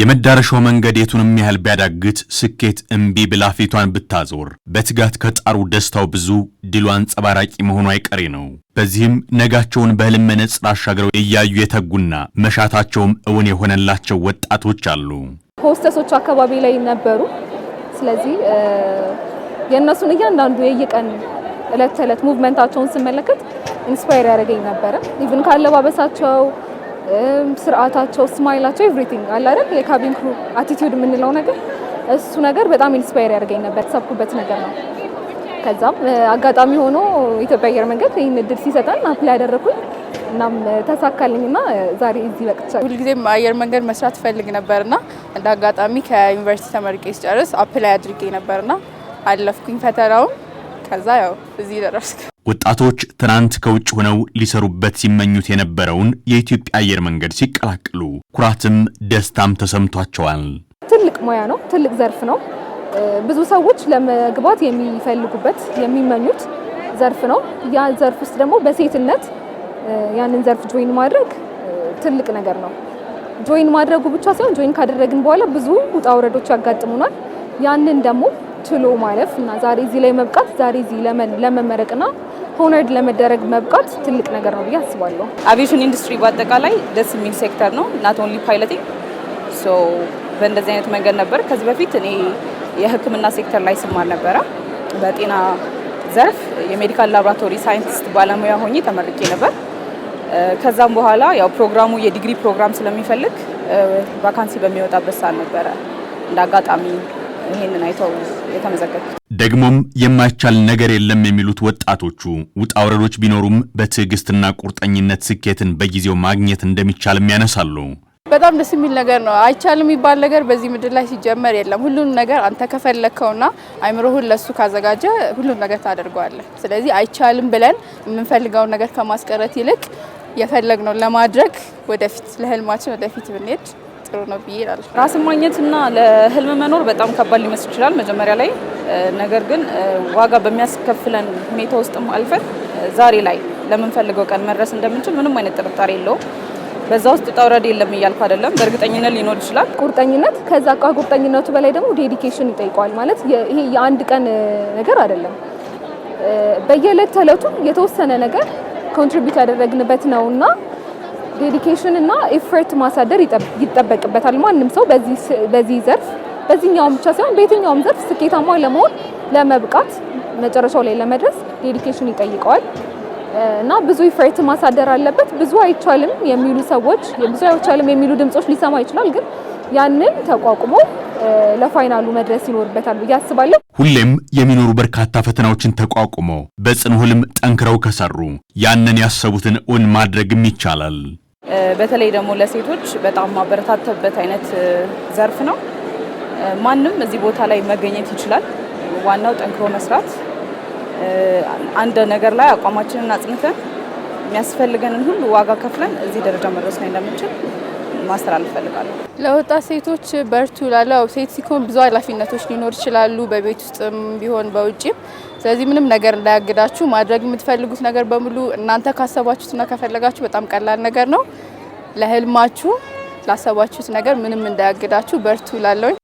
የመዳረሻው መንገድ የቱንም ያህል ቢያዳግት ስኬት እምቢ ብላ ፊቷን ብታዞር በትጋት ከጣሩ ደስታው ብዙ ድሉ አንጸባራቂ መሆኑ አይቀሬ ነው። በዚህም ነጋቸውን በህልም መነጽር አሻግረው እያዩ የተጉና መሻታቸውም እውን የሆነላቸው ወጣቶች አሉ። ሆስተሶቹ አካባቢ ላይ ነበሩ። ስለዚህ የእነሱን እያንዳንዱ የየቀን እለት ተዕለት ሙቭመንታቸውን ስመለከት ኢንስፓየር ያደረገኝ ነበረ ኢቭን ካለባበሳቸው ስርዓታቸው፣ ስማይላቸው፣ ኤቭሪቲንግ አለ አይደል የካቢን ክሩ አቲቲዩድ የምንለው ነገር እሱ ነገር በጣም ኢንስፓየር ያደርገኝ ነበር። ተሰብኩበት ነገር ነው። ከዛም አጋጣሚ ሆኖ ኢትዮጵያ አየር መንገድ ይህን እድል ሲሰጠን አፕላይ ያደረግኩኝ እናም ተሳካልኝና ዛሬ እዚህ በቅቻለሁ። ሁልጊዜም አየር መንገድ መስራት ፈልግ ነበርና እንደ አጋጣሚ ከዩኒቨርሲቲ ተመርቄ ስጨርስ አፕላይ አድርጌ ነበርና አለፍኩኝ ፈተናውም ከዛ ያው እዚህ ደረስክ። ወጣቶች ትናንት ከውጭ ሆነው ሊሰሩበት ሲመኙት የነበረውን የኢትዮጵያ አየር መንገድ ሲቀላቅሉ ኩራትም ደስታም ተሰምቷቸዋል። ትልቅ ሙያ ነው፣ ትልቅ ዘርፍ ነው። ብዙ ሰዎች ለመግባት የሚፈልጉበት የሚመኙት ዘርፍ ነው። ያ ዘርፍ ውስጥ ደግሞ በሴትነት ያንን ዘርፍ ጆይን ማድረግ ትልቅ ነገር ነው። ጆይን ማድረጉ ብቻ ሳይሆን ጆይን ካደረግን በኋላ ብዙ ውጣ ውረዶች ያጋጥሙናል። ያንን ደግሞ ትሎ ማለፍ እና ዛሬ እዚህ ላይ መብቃት ዛሬ እዚህ ለመመረቅና ሆነርድ ለመደረግ መብቃት ትልቅ ነገር ነው ብዬ አስባለሁ። አቪዬሽን ኢንዱስትሪ በአጠቃላይ ደስ የሚል ሴክተር ነው። ናት ኦንሊ ፓይለቲንግ ሶ በእንደዚህ አይነት መንገድ ነበር። ከዚህ በፊት እኔ የሕክምና ሴክተር ላይ ስማር ነበረ። በጤና ዘርፍ የሜዲካል ላብራቶሪ ሳይንቲስት ባለሙያ ሆኜ ተመርቄ ነበር። ከዛም በኋላ ያው ፕሮግራሙ የዲግሪ ፕሮግራም ስለሚፈልግ ቫካንሲ በሚወጣበት ሰዓት ነበረ እንደ አጋጣሚ ይህንን አይተው የተመዘገቡት። ደግሞም የማይቻል ነገር የለም የሚሉት ወጣቶቹ ውጣ ውረዶች ቢኖሩም በትዕግስትና ቁርጠኝነት ስኬትን በጊዜው ማግኘት እንደሚቻልም ያነሳሉ። በጣም ደስ የሚል ነገር ነው። አይቻልም የሚባል ነገር በዚህ ምድር ላይ ሲጀመር የለም። ሁሉንም ነገር አንተ ከፈለግከውና አይምሮህን ለሱ ካዘጋጀ ሁሉም ነገር ታደርገዋለህ። ስለዚህ አይቻልም ብለን የምንፈልገውን ነገር ከማስቀረት ይልቅ የፈለግነው ለማድረግ ወደፊት ለህልማችን ወደፊት ብንሄድ ጥሩ ነው ብዬ እላለሁ። ራስን ማግኘትና ለህልም መኖር በጣም ከባድ ሊመስል ይችላል መጀመሪያ ላይ። ነገር ግን ዋጋ በሚያስከፍለን ሁኔታ ውስጥም አልፈን ዛሬ ላይ ለምንፈልገው ቀን መድረስ እንደምንችል ምንም አይነት ጥርጣሬ የለውም። በዛ ውስጥ ጠውረድ የለም እያልኩ አይደለም። በእርግጠኝነት ሊኖር ይችላል። ቁርጠኝነት ከዛ ቁርጠኝነቱ በላይ ደግሞ ዴዲኬሽን ይጠይቀዋል። ማለት ይሄ የአንድ ቀን ነገር አይደለም። በየዕለት ተዕለቱ የተወሰነ ነገር ኮንትሪቢዩት ያደረግንበት ነው እና ዴዲኬሽን እና ኤፈርት ማሳደር ይጠበቅበታል። ማንም ሰው በዚህ ዘርፍ በዚህኛውም ብቻ ሳይሆን በየትኛውም ዘርፍ ስኬታማ ለመሆን ለመብቃት መጨረሻው ላይ ለመድረስ ዴዲኬሽን ይጠይቀዋል እና ብዙ ኤፈርት ማሳደር አለበት። ብዙ አይቻልም የሚሉ ሰዎች ብዙ አይቻልም የሚሉ ድምጾች ሊሰማ ይችላል ግን ያንን ተቋቁሞ ለፋይናሉ መድረስ ይኖርበታል ብዬ አስባለሁ። ሁሌም የሚኖሩ በርካታ ፈተናዎችን ተቋቁሞ በጽኑ ህልም ጠንክረው ከሰሩ ያንን ያሰቡትን እውን ማድረግም ይቻላል። በተለይ ደግሞ ለሴቶች በጣም ማበረታተበት አይነት ዘርፍ ነው። ማንም እዚህ ቦታ ላይ መገኘት ይችላል። ዋናው ጠንክሮ መስራት፣ አንድ ነገር ላይ አቋማችንን አጽንተን የሚያስፈልገንን ሁሉ ዋጋ ከፍለን እዚህ ደረጃ መድረስ ላይ እንደምንችል ማስተላለፍ ፈልጋለሁ። ለወጣት ሴቶች በርቱ ላለው ሴት ሲሆን ብዙ ኃላፊነቶች ሊኖር ይችላሉ፣ በቤት ውስጥም ቢሆን በውጭም። ስለዚህ ምንም ነገር እንዳያግዳችሁ ማድረግ የምትፈልጉት ነገር በሙሉ እናንተ ካሰባችሁትና ከፈለጋችሁ በጣም ቀላል ነገር ነው። ለህልማችሁ ላሰባችሁት ነገር ምንም እንዳያግዳችሁ በርቱ ላለውኝ